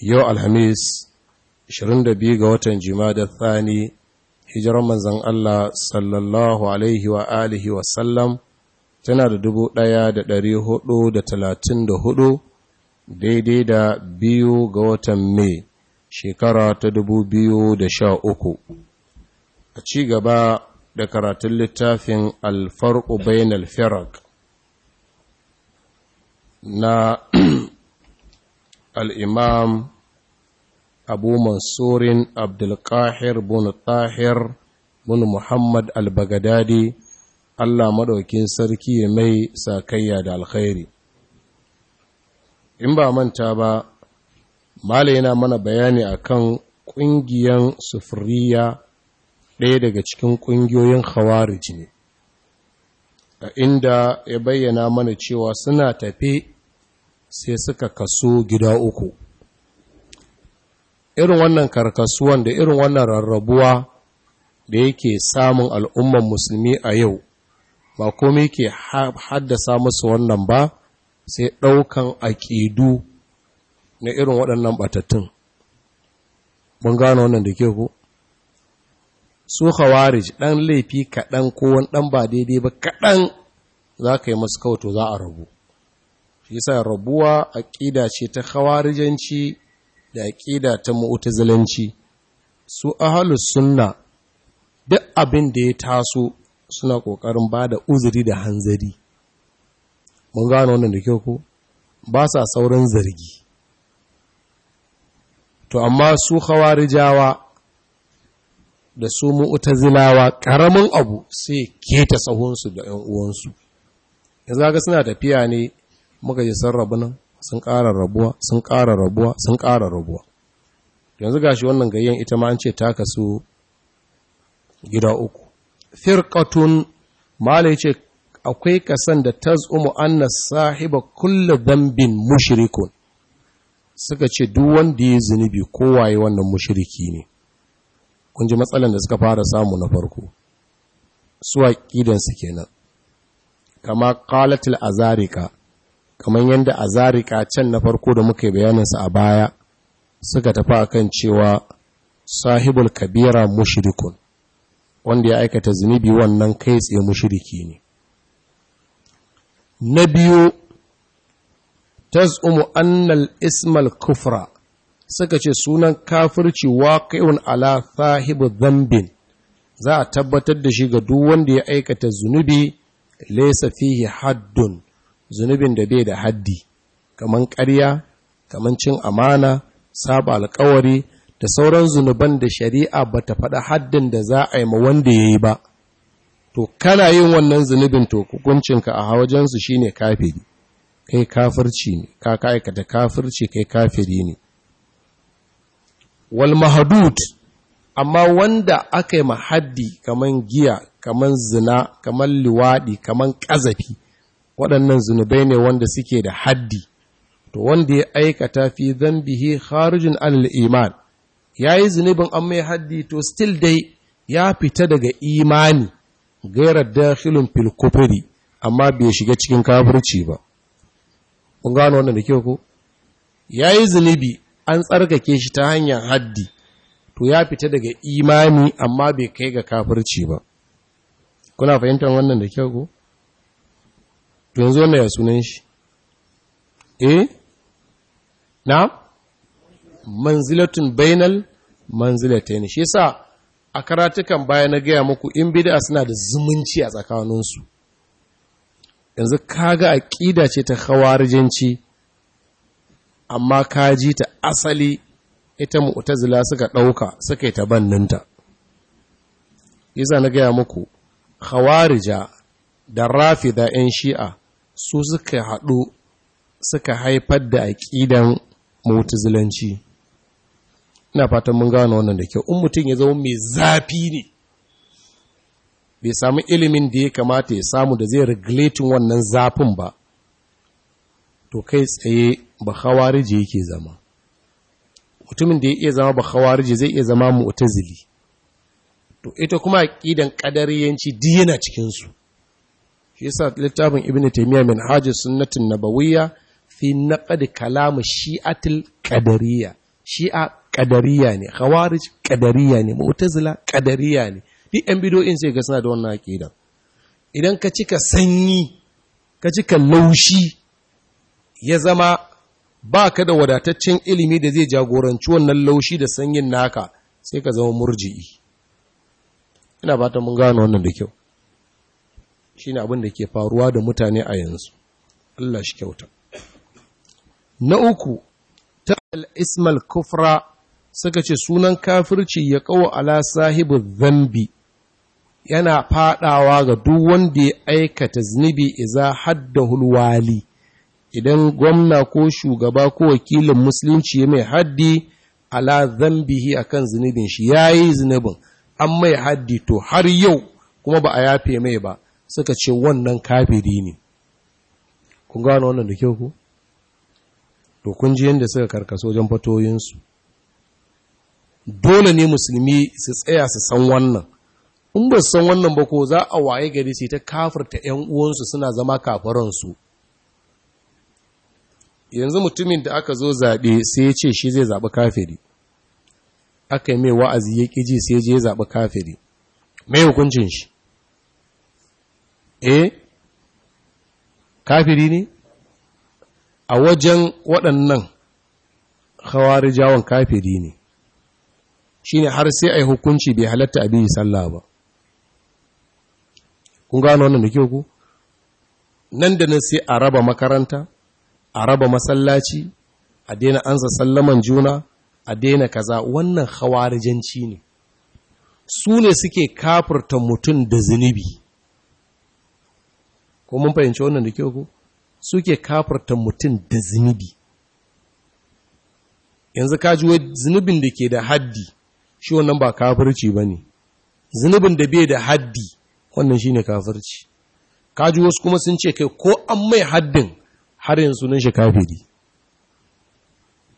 yau alhamis 22 ga watan da thani hijirar manzan Allah sallallahu alaihi wa alihi wasallam tana da 1434 daidai da biyu ga watan mai shekara ta 2013 a ci gaba da karatun littafin alfar'u bayan alfirak na al'imam abu mansurin abdulkahir bin mun bin muhammad al allah maɗaukin sarki ya mai sakayya da alkhairi in ba manta ba Malam yana mana bayani akan ƙungiyan sufuriya ɗaya daga cikin ƙungiyoyin khawarij ne a inda ya bayyana mana cewa suna tafe sai suka kaso gida uku irin wannan karkasuwan da irin wannan rarrabuwa da yake samun al'umman musulmi a yau ba komai ke haddasa musu wannan ba sai ɗaukan aƙidu na irin waɗannan ɓatattun mun gano wannan da ke ku su khawarij ɗan laifi kaɗan ko wani ɗan ba daidai ba kaɗan za ka yi masu kauto za a rabu yasa rabuwa aqida ce ta khawarijanci da aqida ta mu'tazilanci su ahlus sunna duk abin da ya taso suna kokarin bada uzuri da hanzari mun gano wannan da kyau ko ba sa sauran zargi to amma su khawarijawa da su mu'tazilawa karamin abu sai keta sahunsu da ƴan uwansu yanzu ga suna tafiya ne muka yi san rabu nan sun ƙara rabuwa sun ƙara rabuwa sun ƙara rabuwa yanzu gashi wannan gayyan ita ma an ce ta kasu gida uku firqatun malai ce akwai kasan da tazumu anna sahiba kullu dhanbin mushrikun suka ce duk wanda ya zunubi kowaye wannan mushriki ne kun ji matsalan da suka fara samu na farko su aqidan su kenan kama qalatil azarika kamar yadda a zarika can na farko da muka bayaninsa a baya suka tafi akan cewa sahibul kabira mushrikun wanda ya aikata zunubi wannan kai tsaye mushriki ne na biyu tazumu annal ismal kufra suka ce sunan kafirci waqi'un ala sahibul dhanbin za a tabbatar da shi ga duk wanda ya aikata zunubi laysa fihi haddun zunubin da bai da haddi kaman karya, kaman cin amana saba alkawari da sauran zunuban da shari'a ba ta faɗa haddin da za a yi ma wanda ya yi ba to kana yin wannan zunubin to hukuncinka a hawajensu shi ne kafiri kai kafirci ne ka ka aikata kafirci kai kafiri ne wal amma wanda aka yi haddi kaman giya kaman zina kaman liwadi kaman ƙazafi. waɗannan zunubai ne wanda suke da haddi to wanda ya aikata fi bihi harijin al’iman, iman yi zunubin an mai haddi to still dai ya fita daga imani gaira da filin kufri amma bai shiga cikin kafirci ba kun gano wannan da kyau ko yi zunubi an tsarkake shi ta hanyar haddi to ya fita daga imani amma bai kai ga kafirci ba kuna fahimtar wannan da kyau ko yanzu wannan ya sunan shi eh na manzilatun bainal manzilatain shi yasa a karatukan baya na gaya muku in bid'a suna da zumunci a tsakaninsu yanzu kaga aqida ce ta khawarijanci amma kaji ta asali ita mu'tazila suka dauka suka yi banninta. yasa na gaya muku khawarija da rafida yan shi'a su suka haɗu suka haifar da aƙidan mutazilanci ina fatan mun gano wannan da kyau in mutum ya zama mai zafi ne bai samu ilimin da ya kamata ya samu da zai regulatin wannan zafin ba to kai tsaye ba hawarije yake zama mutumin da ya iya zama ba hawarije zai iya zama mu'tazili to ita kuma aƙidan qadariyanci duk yana cikin yasa littafin ibn taymiya min hajji sunnatin nabawiyya fi naqd kalam shi'atil qadariyya shi'a ƙadariya ne khawarij qadariyya ne mu'tazila qadariyya ne duk yan bidoyin sai ga suna da wannan aqida idan ka cika sanyi ka cika laushi ya zama ba ka da wadataccen ilimi da zai jagoranci wannan laushi da sanyin naka sai ka zama murji'i ina fatan mun gano wannan da kyau shi ne abin da ke faruwa da mutane a yanzu Allah shi kyauta na uku ta al'ismal kufra suka ce sunan kafirci ya kawo ala sahibu zambi yana fadawa ga duk wanda ya aikata zunubi iza hadda hulwali idan gwamna ko shugaba ko wakilin musulunci ya mai haddi ala zambihi akan zunubin shi ya yi zunubin an mai haddi to har yau kuma ba a yafe mai ba suka ce wannan kafiri ne kun gano wannan da kyau ku to kun ji yadda suka karkaso wajen fatoyinsu dole ne musulmi su tsaya su san wannan in ba san wannan ba ko za a waye gari su ta kafirta 'yan uwansu suna zama kafaransu yanzu mutumin da aka zo zaɓe sai ya ce shi zai zaɓi kafiri aka yi mai wa'azi ya ƙiji sai ya je ya zaɓi kafiri mai hukuncin shi eh kafiri ne a wajen waɗannan hawari jawon kafiri ne shi ne har sai a yi hukunci bai halatta abin yi sallah ba kun gano wannan da kyau ku nan da nan sai a raba makaranta a raba masallaci a daina ansa sallaman juna a daina kaza wannan hawarijanci ne su ne suke kafurta mutum da zunubi ko mun fahimci wannan da kyau ko suke kafarta mutum da zunubi yanzu ka ji zunubin da ke da haddi shi wannan ba kafirci ba ne zunubin da bai da haddi wannan shi ne kafirci ka ji wasu kuma sun ce kai ko an mai haddin har yanzu nan shi kafiri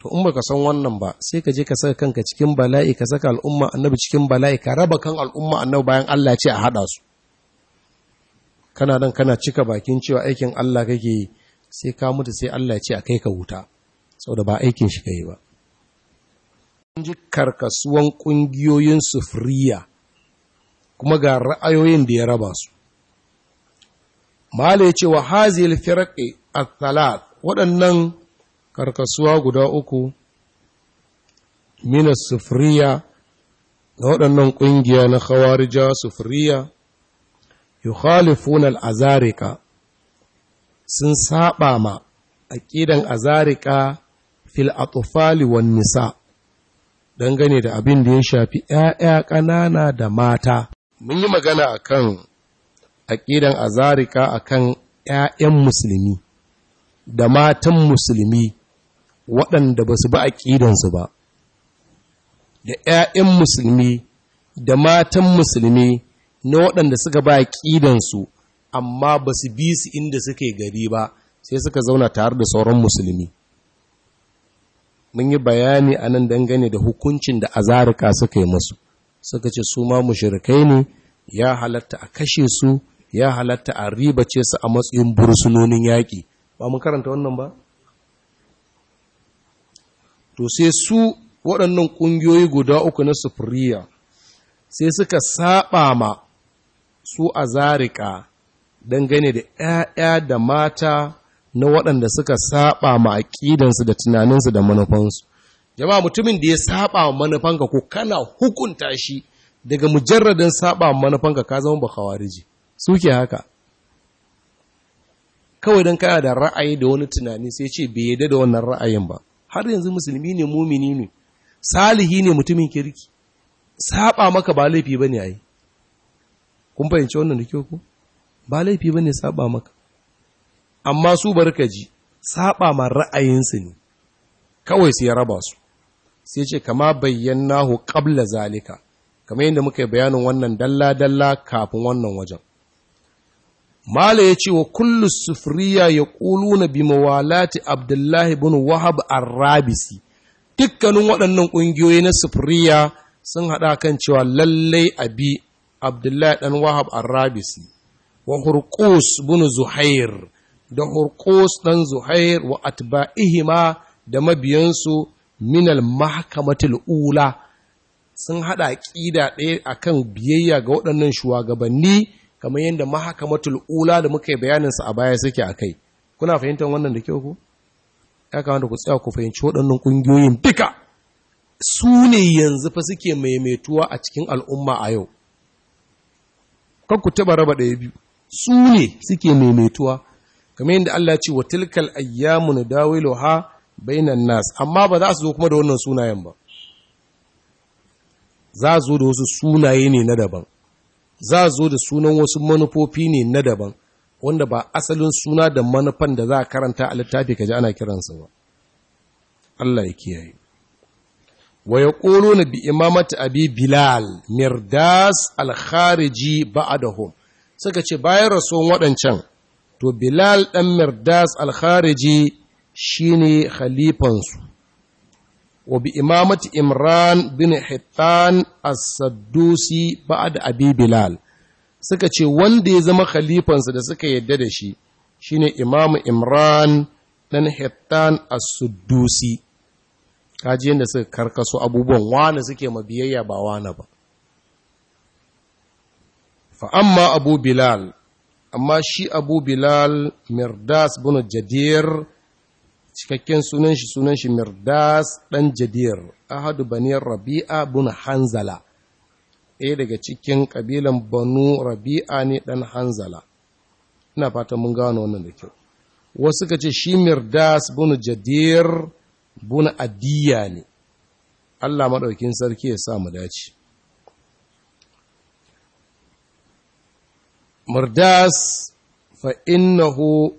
to in ba ka san wannan ba sai ka je ka saka kanka cikin bala'i ka saka al'umma annabi cikin bala'i ka raba kan al'umma annabi bayan Allah ce a hada su kana nan kana cika bakin cewa aikin Allah kake yi sai ka mutu sai Allah ya ce a kai ka wuta saboda ba aikin shi yi ba ji karkasuwan ƙungiyoyin sufriya kuma ga ra'ayoyin da ya raba su mala ya ce wa hazil firqi at talat waɗannan karkasuwa guda uku mina sufriya ga waɗannan ƙungiya na khawarija sufriya yukhalifuna al-azarika sun saba ma aqidan azarika fil atfali nisa dangane da abin da ya shafi ‘ya'ya ƙanana da mata. Mun yi magana a kan aƙidan azarika akan kan ‘ya'yan musulmi da matan musulmi waɗanda ba su ba aƙidansu ba, da ‘ya'yan musulmi da matan musulmi na waɗanda suka ba su, amma ba su bi su inda suke gari ba sai suka zauna tare da sauran musulmi mun yi bayani a nan dangane da hukuncin da azarika suka yi masu suka ce su ma mushrikai ne ya halatta a kashe su ya halatta a ribace su a matsayin bursunonin yaƙi ba mun karanta wannan ba to sai su waɗannan ƙungiyoyi guda uku na sufuriya sai suka saɓa ma su a zarika dangane da ‘ya'ya da mata na waɗanda suka saba ma da tunaninsu da manufansu. Jama'a mutumin da ya saba manufanka ko kana hukunta shi daga mujarradin saba manufanka ka zama ba Suke haka. Kawai don kana da ra'ayi da wani tunani sai ce bai yadda da wannan ra'ayin ba. Har yanzu musulmi ne mumini ne, salihi ne mutumin kirki. Saba maka ba laifi ba ne a yi. kun fahimci wannan da kyau ku ba laifi ba ne saba maka amma su ka ji saba ma ra'ayinsu ne kawai su ya raba su sai ce kama bayyana hu ƙabla zalika kamar yadda muka yi bayanin wannan dalla-dalla kafin wannan wajen. Mala ya ce wa kullu sufuriya ya na bi mawalati Abdullahi bin Wahab Arrabisi, dukkanin waɗannan ƙungiyoyi na sufuriya sun haɗa kan cewa lallai abi abdullahi ɗan wahab arrabisi wa hurkus bin zuhair da hurkus ɗan zuhair wa atba'ihima da mabiyansu minal mahkamatul ula sun haɗa ƙida ɗaya akan biyayya ga waɗannan shugabanni kamar yadda mahakamatul ula da muka yi bayaninsa a baya suke a kai kuna fahimtar wannan da kyau ku ya kamata ku tsaya ku fahimci waɗannan ƙungiyoyin duka su ne yanzu fa suke maimaituwa a cikin al'umma a yau kan ku taba raba ɗaya biyu su ne suke maimaituwa kamar yadda Allah ce wa tilkal ayyamu ha bainan nas amma ba za su zo kuma da wannan sunayen ba za zo da wasu sunaye ne na daban za zo da sunan wasu manufofi ne na daban wanda ba asalin suna da manufan da za a karanta a littafi kaji ana kiransa ba Allah ya kiyaye wa yaquluna bi imamati abi bilal mirdas al-khariji ba'dahum suka ce bayan rasuwan waɗancan to bilal ɗan mirdas al-khariji shine khalifansu wa bi imamati imran bin hittan as-saddusi ba'da abi bilal suka ce wanda ya zama khalifansa da suka yadda da shi shine imamu imran dan hittan as kaji yadda suka karkaso abubuwan wane suke ma biyayya ba wane ba fa'amma abu bilal amma shi abu bilal mirdas bunu jadir cikakken sunan shi sunan shi mirdas ɗan jadir ahadu baniyar rabi'a bunu hanzala ɗaya daga cikin ƙabilan banu rabi'a ne dan hanzala ina fata mun gano wannan da kyau wasu ka ce shi mirdas bunu jadir buna adiya ne Allah maɗaukin sarki ya sa mu dace murdas fa innahu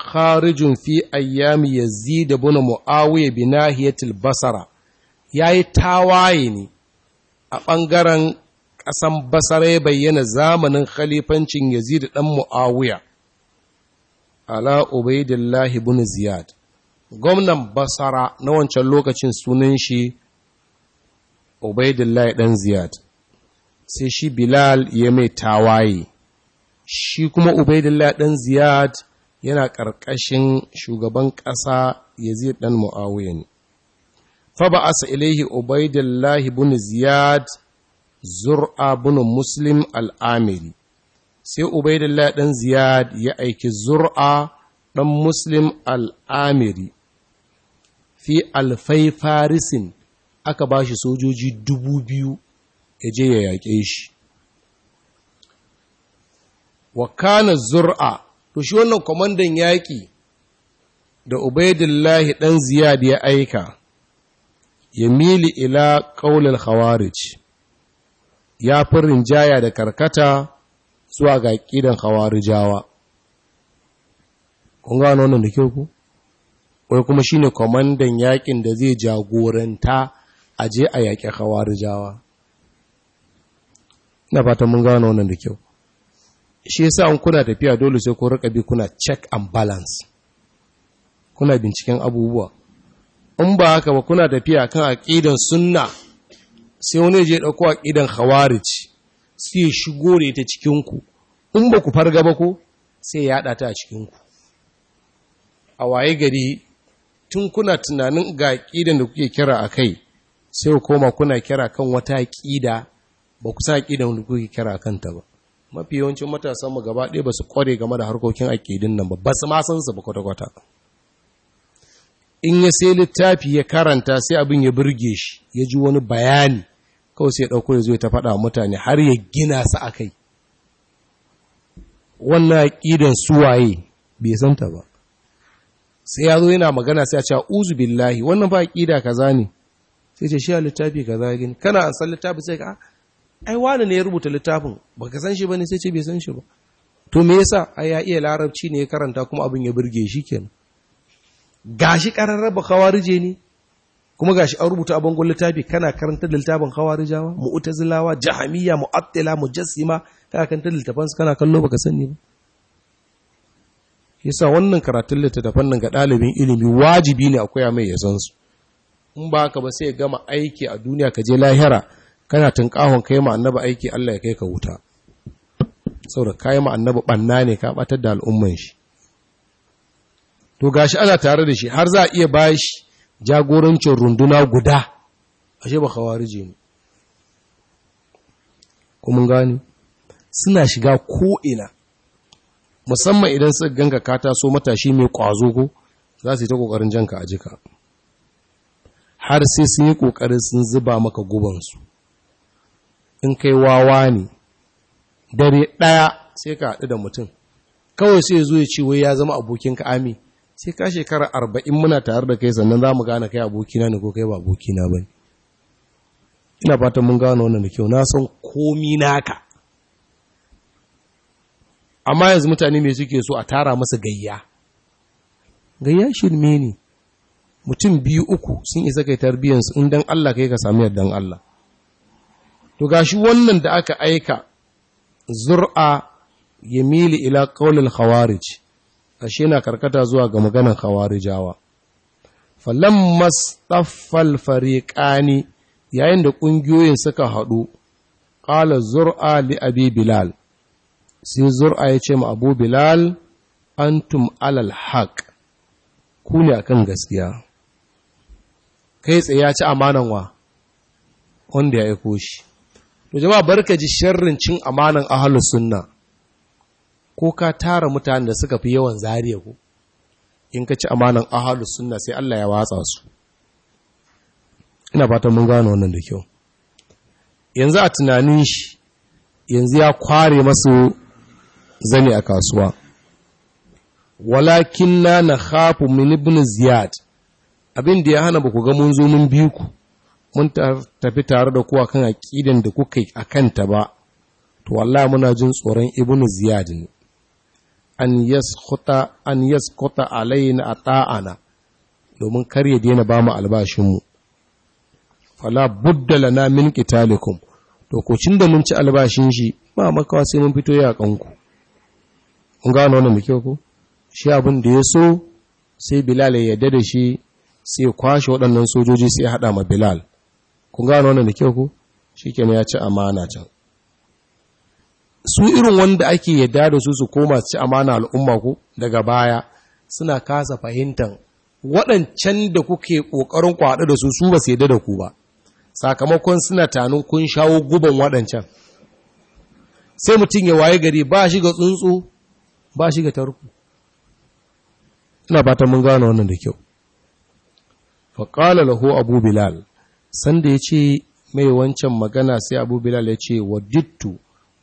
kharijun fi ayyami yazid ibn muawiya bi nahiyatil basara yayi tawaye ne a ɓangaren ƙasan basara ya bayyana zamanin khalifancin yazid ɗan muawiya ala ubaidillah ibn ziyad gwamnan basara na wancan lokacin sunan shi ubaidullahi ɗan ziyad sai shi bilal ya mai tawaye shi kuma ubaidullahi ɗan ziyad yana ƙarƙashin shugaban ƙasa yazid ɗan mu'awiyya ne fa ba ilaihi ubaidullahi bin ziyad zur'a bin muslim al'amiri sai ubaidullahi ɗan ziyad ya aiki zur'a ɗan muslim al'amiri fi alfai farisin aka ba shi sojoji dubu biyu ya je ya yaƙe shi Wakana zur'a to shi wannan kwamandan yaƙi da ubaidillahi ɗan ziyad ya aika ya mili ila ƙaunar Hawarij, ya fi rinjaya da karkata zuwa ga ƙidan khawarijawa kun gano wannan da kyau ku wai kuma shine kwamandan yakin da zai jagoranta a je a yaƙi hawarijawa na fata mun gano wannan da kyau shi yasa an kuna tafiya dole sai ku rika bi kuna check and balance kuna binciken abubuwa in ba haka ba kuna tafiya kan aqidan sunna sai wani je dauko aqidan khawarij sai shigo ne ta cikin ku in ba ku farga ba ko sai ya hada ta a cikin ku a waye gari tun kuna tunanin ga ƙidan da kuke kira kai, sai ku koma kuna kira kan wata ƙida, ba ku sa ƙidan da kuke kira kan ta ba mafi yawancin matasan mu gaba ɗaya ba su kware game da harkokin aƙidin nan ba ba su ma san su ba kwata kwata in ya sai littafi ya karanta sai abin ya burge shi ya ji wani bayani kawai sai ya ɗauko ya zo ta faɗa mutane har ya gina su a kai wannan aƙidan suwaye bai santa ba sai ya zo yana magana sai a ce uzu billahi wannan ba aqida kaza ne sai ce shi a littafi kaza gani kana an san littafi sai ka ah, ai wani ne ya rubuta littafin baka san shi bane sai ce bai san shi ba to me yasa ai ya iya larabci ne ya karanta kuma abin ya burge shi kenan gashi kararraba kawarije ne kuma gashi an rubuta a bangon littafi kana karanta littafin khawarijawa mu'tazilawa jahamiyya mu'attila mujassima kana karanta littafansu kana kallo baka sani ba yasa wannan karatun littattafan nan ga ɗalibin ilimi wajibi ne akwai mai ya san su in ba ka ba sai gama aiki a duniya ka je lahira kana tunkahon kai ma annaba aiki Allah ya kai ka wuta saboda kai ma annaba banna ne ka batar da al'umman shi to gashi ana tare da shi har za a iya bashi jagorancin runduna guda ashe ba khawarije ne kuma gani suna shiga ko'ina musamman idan suka ganga ka taso matashi mai kwazo ko za su yi ta kokarin janka a jika har sai sun yi ƙoƙarin sun zuba maka gubansu in kai wawa ne dare ɗaya sai ka haɗu da mutum kawai sai zuwa ya wai ya zama abokinka ami sai ka shekara arba'in muna tare da kai sannan za mu gane kai abokina ne ko kai ba abokina ba ina fatan mun gano wannan da kyau na san komi naka amma yanzu mutane mai suke so a tara masa gayya gayya shirme ne mutum biyu uku sun isa kai tarbiyyansu in dan Allah kai ka sami yardan Allah to gashi wannan da aka aika zur'a ya mili ila qaulil khawarij ashe na karkata zuwa ga maganan khawarijawa falamma staffal fariqani yayin da ƙungiyoyin suka haɗu ƙala zur'a li abi bilal sai zur'a ya ce ma abu bilal antum alal haq ku ne akan gaskiya kai tsaye ya ci amanan wa wanda ya aiko shi to jama'a barka ji sharrin cin amanan ahlus sunna ko ka tara mutanen da suka fi yawan zariya ko in ka ci amanan ahlus sunna sai Allah ya watsa su ina fatan mun gano wannan da kyau yanzu a tunanin shi yanzu ya kware masu zane a kasuwa walakin na na hafu min ibn ziyad abin da ya hana ba ku ga mun zo mun biyu ku mun tafi tare da kuwa kan aqidan da kuka yi a kanta ba to wallahi muna jin tsoron ibn ziyad ne an yasquta an yasquta alaina ta'ana, domin kar ya daina ba mu albashin mu fala buddala na min kitalikum, to da mun ci albashin shi ba makawa sai mun fito ya ƙanku. mun gano wannan da kyau ko shi abin da ya so sai Bilal ya yarda da shi sai ya kwashe waɗannan sojoji sai ya haɗa ma Bilal kun gano wannan da kyau ko ya ci amana can su irin wanda ake yarda da su su koma ci amana al'umma ku daga baya suna kasa fahimtar waɗancan da kuke ƙoƙarin kwaɗa da su su ba su yarda da ku ba sakamakon suna tanin kun shawo guban waɗancan sai mutum ya waye gari ba shi ga tsuntsu ba shi ga tarku ina fatan mun gane wannan da kyau fa qala lahu abu bilal sanda yace mai wancan magana sai abu bilal yace wadittu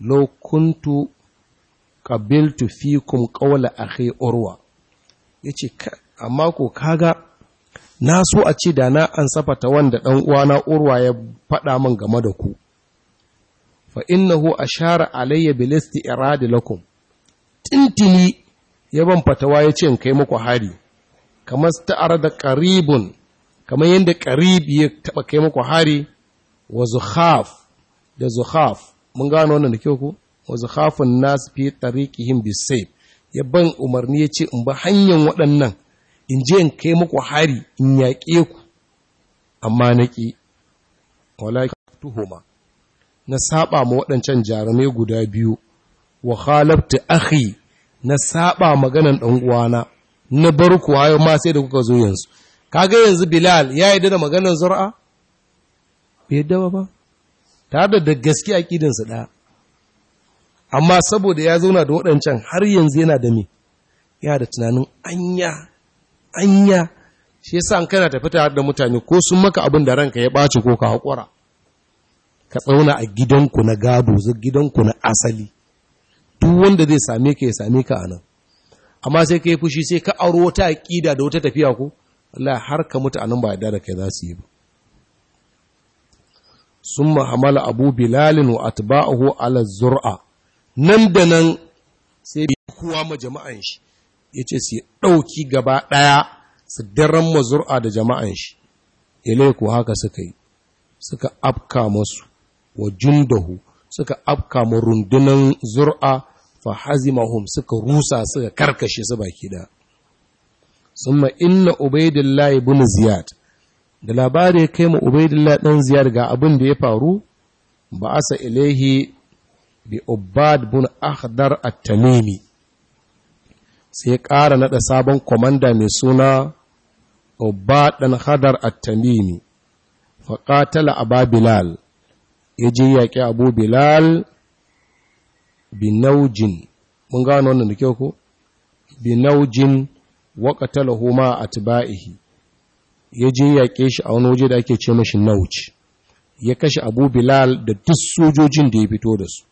law kuntu qabiltu fikum qawla akhi urwa yace amma ko kaga na so a ce da na an safata wanda ɗan uwana urwa ya faɗa min game da ku fa innahu ashara alayya bil isti'rad lakum tintini ya ban fatawa ya ce in kai muku hari kamar ta'ar da qaribun kamar yadda qarib ya taba kai muku hari wa zuhaf da zuhaf mun gano wannan da kyau ku, wa nas fi tariqihim bisayf ya ban umarni ya ce in ba hanyar waɗannan in je in kai muku hari in yaƙe ku amma na ƙi tuhuma na saba ma waɗancan jarumai guda biyu wa khalabta akhi na saba maganan dan uwana na bar ku ma sai da kuka zo yanzu kaga yanzu Bilal ya yi da maganan Zur'a bai yarda ba tare da gaske aqidan sa da amma saboda ya zauna da waɗancan har yanzu yana da me yana da tunanin anya anya shi yasa an kana tafi tare da mutane ko sun maka abin da ranka ya baci ko ka haƙura ka tsauna a gidanku na gado gidanku na asali duk wanda zai same ka ya same ka anan amma sai ka yi fushi sai ka auro wata aƙida da wata tafiya ko Allah har ka mutu anan ba yadda da kai za su yi ba Sun mahamala abu bilalin wa atba'uhu ala zur'a nan da nan sai bi kowa ma jama'an shi yace su ɗauki gaba ɗaya su daren ma zur'a da jama'an shi ilaiku haka suka yi suka afka masu wa jundahu suka afka ma rundunan zur'a fahazimahum hazimahum suka rusa suka karkashe su baki da summa inna ubaidillah ibn ziyad da labari ya kai mu ubaidillah dan ziyad ga abin da ya faru ba asa ilaihi bi ubad bin akhdar at-tamimi sai ya ƙara naɗa sabon komanda mai suna ubad dan khadar at-tamimi faƙatala abu bilal ya je yaƙi abu bilal binaujin mun gano wannan da kyau ko binaujin qatalahu ma atba'ihi ya je yaƙe shi a wani waje da ake ce mashi nauci ya kashe abu bilal da duk sojojin da ya fito da su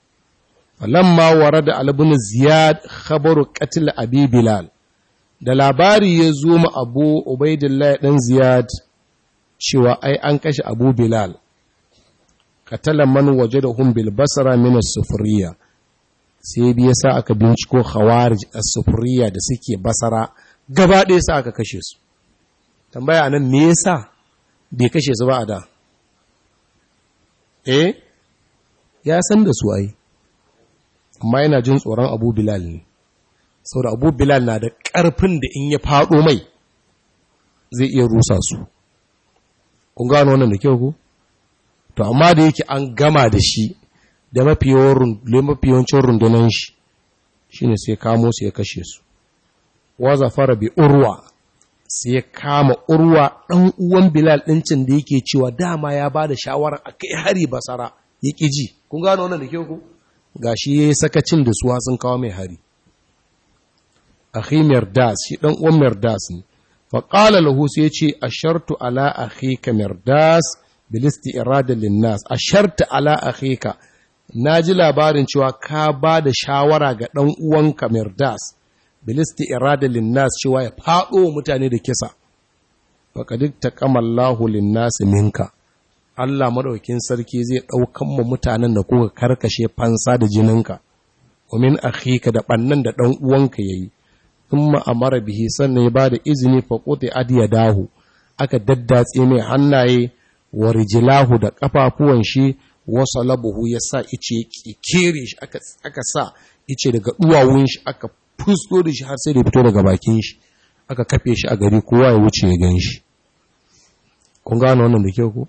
falamma warada al-ibn ziyad khabaru qatl abi bilal da labari ya zo ma abu ubaidillah dan ziyad cewa ai an kashe abu bilal qatala man wajadahum bil basra min as-sufriya sai biya sa aka binciko khawarij as-sufriya da suke basara gaba ɗaya sa aka kashe su tambaya anan me yasa bai kashe su ba a da eh ya san da su ai amma yana jin tsoron Abu Bilal ne saboda Abu Bilal na da ƙarfin da in ya faɗo mai zai iya rusa su kun gano wannan da kyau ko to amma da yake an gama da shi da mafi yawancin rundunan shi shi ne sai kamo su ya kashe su waza fara bi urwa sai ya kama urwa ɗan uwan bilal ɗincin da yake cewa dama ya ba da shawarar a kai hari basara ya ƙi ji kun gano wannan da kyau ku ga shi ya yi sakacin da suwa sun kawo mai hari akhi merdas shi ɗan uwan merdas ne faƙala lahu sai ya ce a shartu ala ka merdas bilisti iradin linnas a shartu ala akhika na ji labarin cewa ka ba da shawara ga ɗan uwanka mirdas bilisti irada linnas cewa ya faɗo mutane da kisa duk ta kamallahu linnas minka Allah maɗaukin sarki zai ɗaukan mu mutanen da kuka karkashe fansa da jininka umin min akhika da ɓannan da ɗan uwanka yi, in ma'amara bihi sannan ya bada izini fa quti dahu aka daddatse mai hannaye wa da ƙafafuwan shi wasa labuhu ya sa ice kere shi aka sa ice daga duwawun shi aka fusto da shi har sai da fito daga bakin shi aka kafe shi a gari kowa ya wuce ya gan shi kun gano wannan da kyau ko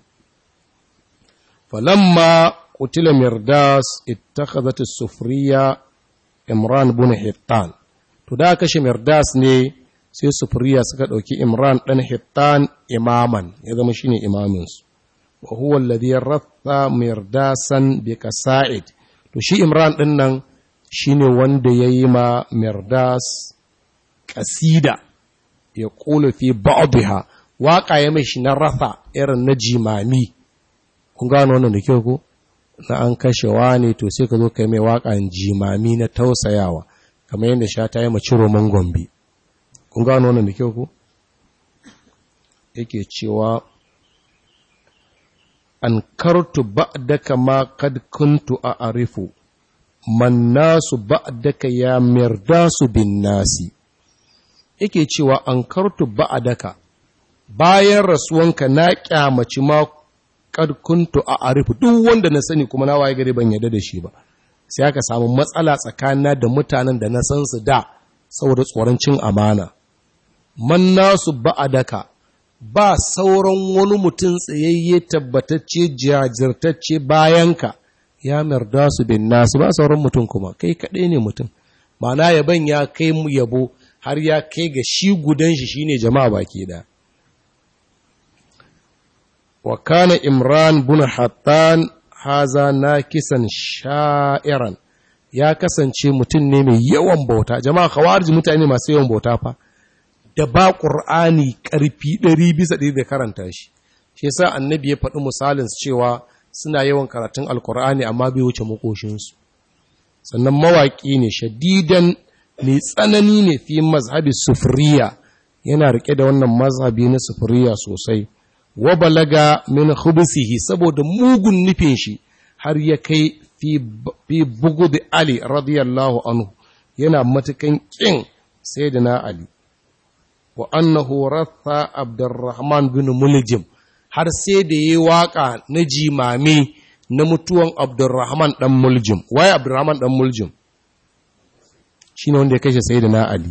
falamma Kutila mirdas ittakhadhat as-sufriya imran ibn hittan to da kashe mirdas ne sai sufriya suka ɗauki imran ɗan hittan imaman ya zama shine imamin su wa huwa alladhi ta mirdasan bi kasa'id to shi imran din nan shine wanda yayi ma mirdas kasida ya qulu fi ba'dha waƙa ya shi na rafa irin na jimami kun gano wannan da kyau ko na an kashe ne to sai ka zo kai mai waƙan jimami na tausayawa kamar yadda sha ta yi mace roman gombe kun gano wannan da kyau ko yake cewa an kartu ba'daka ma kad kuntu a arifu man nasu ba'daka ya mirdasu bin nasi yake cewa an kartu ba'daka bayan rasuwanka na kyamaci ma kad kuntu a arifu duk wanda na sani kuma na waye gari ban yarda da shi ba sai aka samu matsala tsakanina da mutanen da na san su da saboda tsoron cin amana man nasu ba'daka ba sauran wani mutum tsayayye tabbatacce jajirtacce ka. ya yarda su bin nasu ba sauran mutum kuma kai kaɗai ne mutum mana yaban ya kai mu yabo har ya kai ga shi gudan shi shine jama'a baki da wa kana imran bin hattan haza na kisan sha'iran ya kasance mutum ne mai yawan bauta jama'a kawarji mutane masu yawan bauta fa da ba ƙur'ani ƙarfi ɗari bisa ɗari da karanta shi shi sa annabi ya faɗi misalin cewa suna yawan karatun alƙur'ani amma bai wuce makoshinsu sannan mawaƙi ne shadidan mai tsanani ne fi mazhabi sufuriya yana riƙe da wannan mazhabi na sufuriya sosai wa balaga min khubisihi saboda mugun nufin shi har ya kai fi bugu da ali radiyallahu anhu yana matukan kin sai na ali wa annahu ratha abdurrahman bin muljim har sai da yi waka na jimami na mutuwan abdurrahman dan mulijim waye abdurrahman dan muljim shine wanda ya kashe sayyidina ali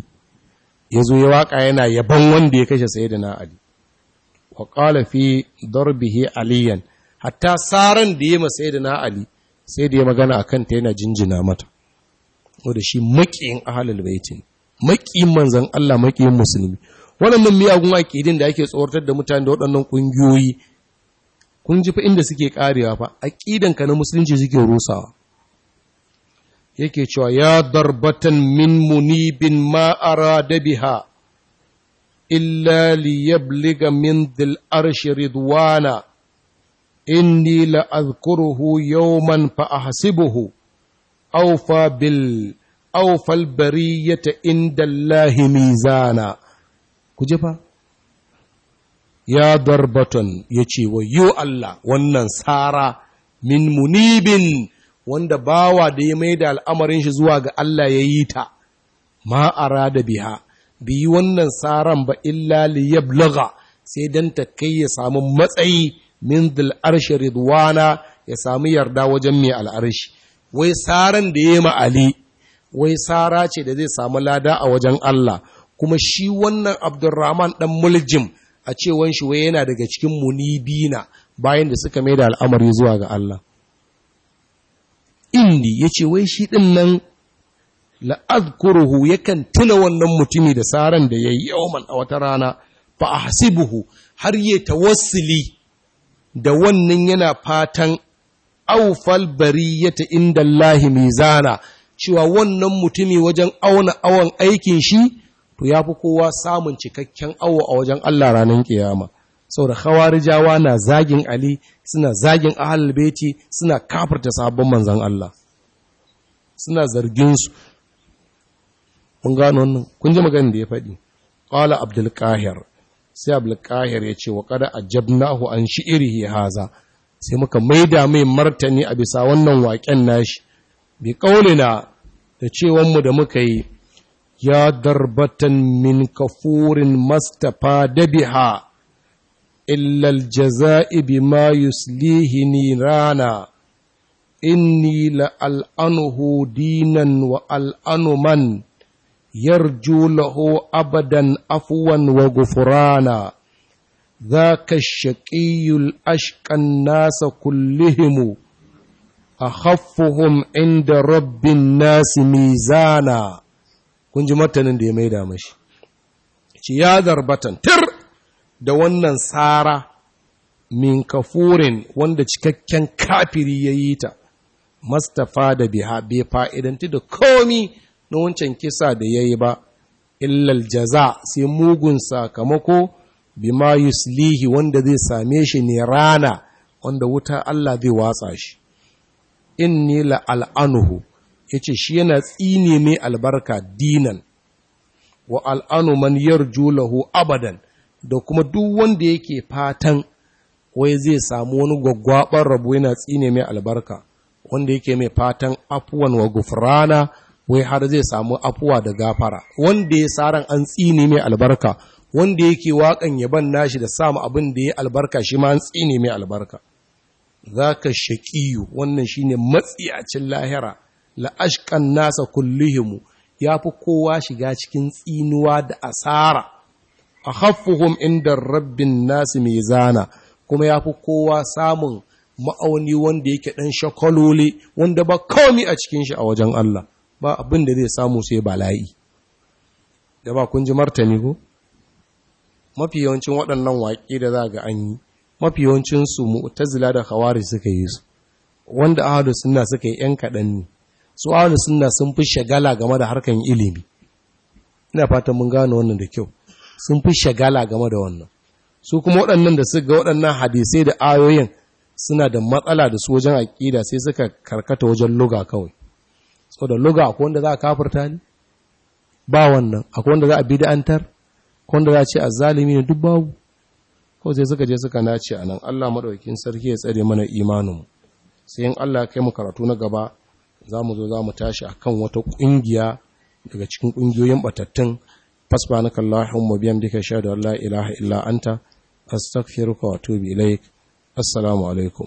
yazo ya waka yana yaban wanda ya kashe sayyidina ali wa qala fi darbihi aliyan hatta saran da ya ma sayyidina ali sai da ya magana akan ta yana jinjina mata wanda shi makiyin ahlul baitin maƙiyin manzan Allah maƙiyin musulmi waɗannan miyagun aƙidin da ake tsoratar da mutane da waɗannan ƙungiyoyi kun ji fa inda suke ƙarewa fa ka na musulunci suke rusawa yake cewa ya darbatan min munibin ma arada biha illa liyabliga min dil arshi ridwana inni la azkuruhu yawman fa ahsibuhu awfa bil awfal bariyata indallahi mizana ku ji fa ya darbaton ya ce wa yo Allah wannan tsara min munibin wanda bawa da ya mai da al'amarin shi zuwa ga Allah ya yi ta ma'ara da biha biyi wannan tsaran ba illa liyablaga sai don ta kai ya samu matsayi min dil'arshi ridwana ya samu yarda wajen mai al'arshi wai tsaran da ya ma'ali wai tsara ce da zai samu lada a wajen Allah kuma shi wannan Abdurrahman dan Muljim a cewan shi wai yana daga cikin munibina bayan da suka mai da al'amari zuwa ga Allah indi yace wai shi din nan la'azkuruhu yakan tuna wannan mutumi da saran da yayi yawman a wata rana fa ahsibuhu har ya tawassuli da wannan yana fatan aufal ta inda Allah mizana cewa wannan mutumi wajen auna awon aikin shi to ya fi kowa samun cikakken awo a wajen Allah ranar kiyama saboda khawarijawa na zagin Ali suna zagin ahal beti suna kafarta sabon manzan Allah suna zargin su gano wannan kun ji maganin da ya faɗi Ƙwala abdulkahir sai abdulkahir ya ce wa qad nahu an iri haza sai muka maida mai martani a bisa wannan waƙen nashi bi ƙaulina da cewanmu da muka yi, ya darbatan min kafurin mastafa dabiha illal jaza'i bima yuslihi ni rana, inni la'al'anuhu dinan wa al'anu man, yarju lahu abadan afuwan wa gufurana. ذاك الشقي الأشقى الناس كلهم akhaffuhum inda rabbin nasi mizana kun ji martanin da ya maida mashi ce ya zarbatan tir da wannan tsara min kafurin wanda cikakken kafiri ya yi ta mastafa da biha bai fa'idanti da komi na wancan kisa da ya yi ba illal jaza sai mugun sakamako bima yuslihi wanda zai same shi ne rana wanda wuta Allah zai watsa shi inni al'anuhu. ya ce shi yana tsine mai albarka dinan wa al'anu man yarju lahu abadan da kuma duk wanda yake fatan wai zai samu wani gwaggwaɓar rabu yana tsine mai albarka wanda yake mai fatan afuwan wa gufrana wai har zai samu afuwa da gafara wanda ya saran an tsine mai albarka wanda yake waƙan yaban nashi da samu abin da ya albarka shi ma an tsine mai albarka zaka shaqiyu wannan shine matsiyacin lahira la ashqan nasa ya yafi kowa shiga cikin tsinuwa da asara akhaffuhum inda rabbin nasi mizana kuma yafi kowa samun ma'auni wanda yake dan shakaloli wanda ba komai a cikin shi a wajen Allah ba abin da zai samu sai bala'i da ba kun ji martani ko mafi yawancin waɗannan waƙe da za ga an yi mafi yawancinsu mu'tazila da khawari suka yi su wanda ahlu sunna suka yi yan kaɗan ne su ahlu sunna sun fi shagala game da harkan ilimi ina fatan mun gano wannan da kyau sun fi shagala game da wannan su kuma waɗannan da suka ga waɗannan hadisai da ayoyin suna da matsala da su wajen aƙida sai suka karkata wajen luga kawai da luga akwai wanda za a kafirta ne ba wannan akwai wanda za a bid'antar akwai wanda za a ce azzalimi ne duk babu ko sai suka je suka nace a nan Allah maɗaukin sarki ya tsare mana imaninmu sai in Allah ya kai mu karatu na gaba za mu zo za mu tashi akan wata ƙungiya daga cikin ƙungiyoyin batattun fasfa na kallahun mabiyan duka ilaha illa anta astaghfiruka wa atubu ilaik assalamu alaikum